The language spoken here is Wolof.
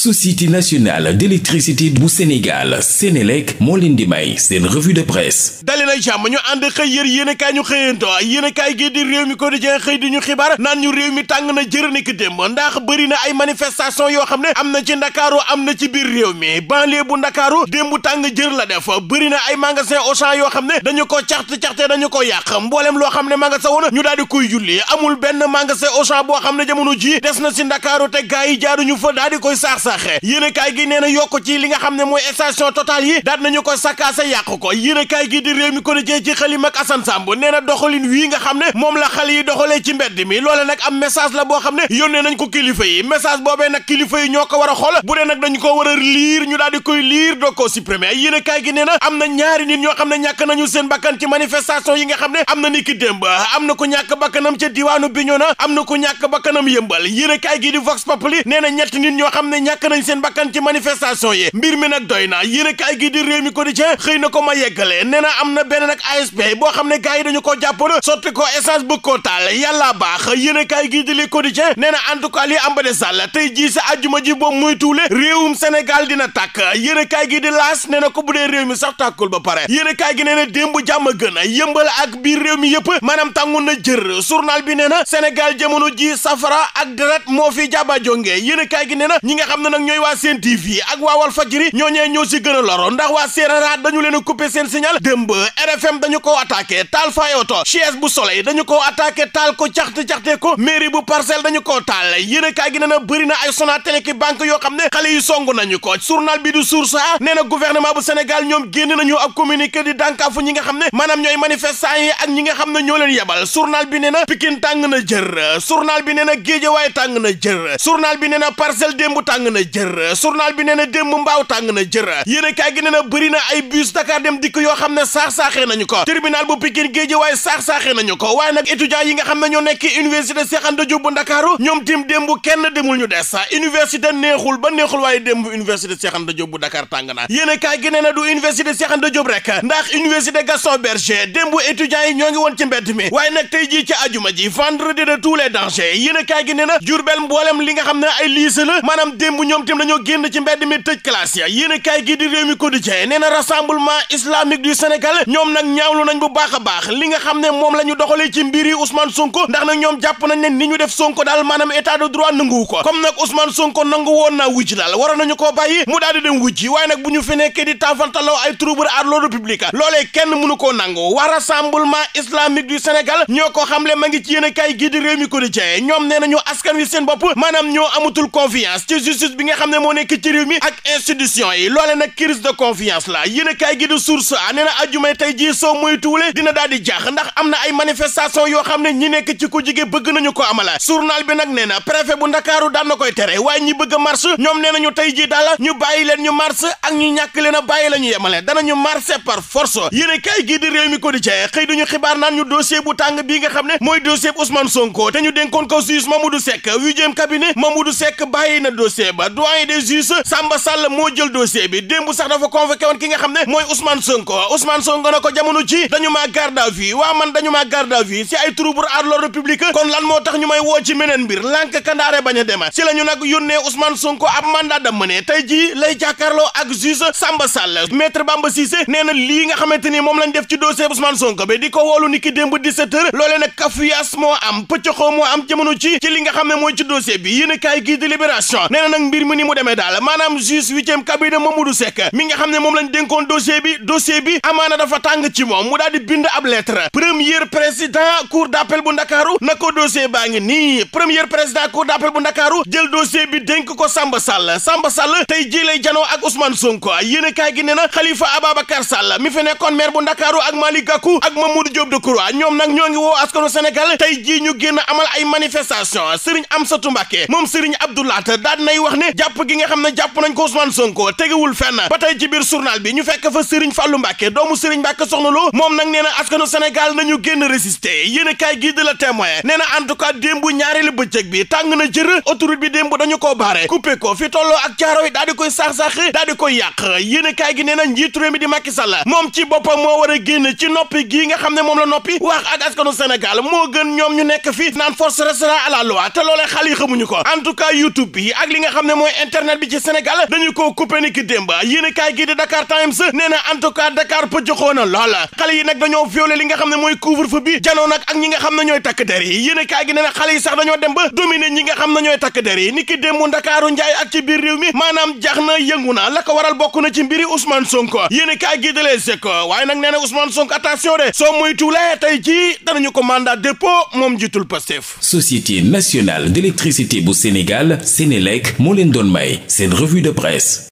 société nationale d'électricité bu Sénégal Sénélec moo leen di may seen revue de presse dali na jàmm ñu ànd xëy yër yéen kaay ñu xëyanto yéen i kaay gi di réew mi quotidien xëy di ñu xibaar naan ñu réew mi tàng na jër ni ki démb ndax bëri na ay manifestation yoo xam ne am na ci ndakaaru am na ci biir réew mi banlieue bu ndakaaru démb tàng jër la def bëri na ay magasin Auchan yoo xam ne dañu ko caxt-caxte dañu ko yàq mboolem loo xam ne magasin woon ñu daal di koy julli benn magasin Auchan boo xam ne jamono ji des si ndakaaru te gaa yi jaaruñu fa daal di koy sax yéenekaay gi nee na yokk ci li nga xam ne mooy station Total am a xool a na ñaari nit ñoo xam ne ñàkk nañu seen bakkan ci manifestation yi nga xam ne am na ni ki démb am na ku ñàkk bakkanam am na ku ñàkk bakkanam yëmbal yéenekaay gi di Vox Populi nee na ñetti nit ñoo xam ne ñàkk ñàkk nañ seen bakkan ci manifestation yi mbir mi nag doy na yéen a kaay gi di réew mi quotidien xëy na ko ma yeggale nee na am na bene nag ASP boo xam ne gars yi dañu ko jàppoon sotti ko essence bëgg ko taal yàlla baax yéen a kaay gi di li quotidien nee na en tout cas li am ba de sàll tey jii a juma ji boobu muy tuule réewum Sénégal dina tàkk yéen a kaay gi di laas nee na ko bu dee réew mi sax tàkkul ba pare yéen a kaay gi nee na démb jàmm gën a yëmbal ak biir réew mi yëpp maanaam tàngu na jër journal bi nee na Sénégal jamono ji safara ak deret moo fi jaba jonge yéen a gi nee na ñi nga xam ne nag ñooy waa Sen TV ak waa Walfadjri ñooñee ñoo si gën a loro ndax waa Sérera dañu leen a coupé seen signal démb RFM dañu ko attaqué taal fayoto chaise bu soleil dañu ko attaqué taal ko caxte-caxte ko mairie bu parcelle dañu ko taal yéen kaay gi nee na bëri na ay Sonatel ki banque yoo xam ne xale yu song nañu ko journal bi du Source A ah nee na gouvernement bu Sénégal ñoom génn nañu ab communiqué di dànkaafu nga xam ne maanaam ñooy manifestant ñi nga xam ne ñoo leen yebal journal bi nee na Pikine tàng na jër journal bi nee na Guédiawaye tàng na jër journal bi nee na Parcelles démb tàng na na jër journal bi nee na démb mbaaw tàng na jër yéen kaay gi nee na bëri na ay bus Dakar dem dikk yoo xam ne saax-saaxee nañu ko tribunal bu Pikine géej waaye saax-saaxee nañu ko waaye nag étudiants yi nga xam ne ñoo nekk université Cheikh Anta Diop bu Ndakaaru ñoom tim kenn demul ñu des université neexul ba neexul waaye démb université Cheikh Anta rek ndax université Gaston Berger démb étudiants yi ñoo ngi woon ci mbedd mi waaye nag tey jii ci ajuma ji vendredi de tous les dangers na Jurbel mboolem li nga xam ne ay lycée ñoom tim dañoo génn ci mbedd mi tëj classe ya yéen i kaay réew mi na rassemblement islamique du a baax li nga xam ne moom la ñu doxalee ci mbiri Ousmane Sonko ndax nag ñoom jàpp nañ ne ni ñu def Sonko daal maanaam état de droit nanguwu ko comme nag Ousmane Sonko nangu woon naa wujj daal koo bàyyi mu daal di dem wujji waaye nag koo nangu waa rassemblement islamique ñoo ngi i kaay gi di réew mi quotidien ñoom nee nañu askan wi seen bopp maanaam ñoo amatul confiance ci justice bi nga xam ne moo nekk ci réew mi ak institution yi loole na crise de confiance la yéen a kaay gi di a nee na ajumay tey jii soo moytuwule dina daal di ndax am na ay manifestation yoo xam ne ñi nekk ci ko jige bëgg nañu ko amala journal bi nag nee na préfet bu ndakaaru daan na koy tere waaye ñi bëgg a marche ñoom nee nañu tey jii daala ñu bàyyi leen ñu marche ak ñu ñàkk leen a bàyyi la ñu yemale danañu marché par force yéen a kaay gi réew mi ko di jee xëy duñu xibaar naan ñu dossier tàng bii nga xam ne mooy dossier bu Ousmane Sonko te ñu dénkoon ko juge Mamadou Seck huitième cabinet Mamadou Seck bàyyi na dossier ba doyen des juges Samba Sall moo jël dossier bi démb sax dafa convoqué woon ki nga xam ne mooy Ousmane Sonko Ousmane Sonko na ko jamono ci dañu maa garde à vue waa man dañu maa garde à vue ci ay trouble à l'ordre kon lan moo tax ñu may woo ci meneen mbir lànk kandaare bañ a dema ci la ñu nag yónnee Ousmane Sonko ab mandat de mëne tey jii lay jàkkaarloo ak juge Samba Sall maître Bamba Cissé nee na lii nga xamante ni moom lañ def ci dossier Ousmane Sonko di ko woolu ni ki démb 17 heures loolee nag kafuyas moo am am jamono ci ci li nga xam ne mooy ci dossier bi yéen a gii di libération nee na mbir mi ni mu demee daal maanaam juge huitième cabinet Mamadou Seck mi nga xam ne moom lañ dénkoon dossier bi dossier bi amaana dafa tàng ci moom mu daal bind ab lettre premier président cour d'appel bu ndakaaru na ko dossier baa ngi nii premier président cour d'appel bu ndakaaru jël dossier bi dénk ko Samba Sall Samba Sall tey jii lay janoo ak Ousmane Sonko yéen kaay gi nee na Khalifa Ababacar Sall mi fi nekkoon maire bu ndakaaru ak Malick Gakou ak moom ne jàpp gi nga xam ne jàpp nañ ko Ousmane Sonko tegewul fenn ba bi ñu fekk fa moom nag na askanu Sénégal nañu génn résister yéen a kaay gii de la témoin nee na en tout cas démb bi tàng na dañu koo baare coupé ko fi tolloo ak jaaro yi daal di koy sax-sax daal di koy yàq yéen a gi nee na njiitu réew mi di Macky la moom ci boppam moo war a génn ci noppi gii nga xam ne moom la noppi wax ak askanu Sénégal moo gën ñoom ñu nekk fii naan force restera à la te loolee xal yi ko en tout cas YouTube bi ak li nga xam ne mooy internet bi ci Sénégal dañu ko coupé ni ki démb yéenekaay gi di Dakar Times nee na en tout cas Dakar pëccaxoo na lool xale yi nag dañoo violé li nga xam ne mooy couvre-feu bi janoo ak ñi nga xam ne ñooy takk der yi yéenekaay gi nee na xale yi sax dañoo dem ba dominé ñi nga xam ne ñooy takk der yi ni ki démb Ndakaaru njaay ak ci biir réew mi maanaam jax na yëngu na la ko waral bokk na ci mbiri Ousmane Sonko yéenekaay gi di Les Échos waaye nag nee na Ousmane Sonko attention de soo muy tuulee tey ci danañu ko mandat dépôt leen doon may seen revue de presse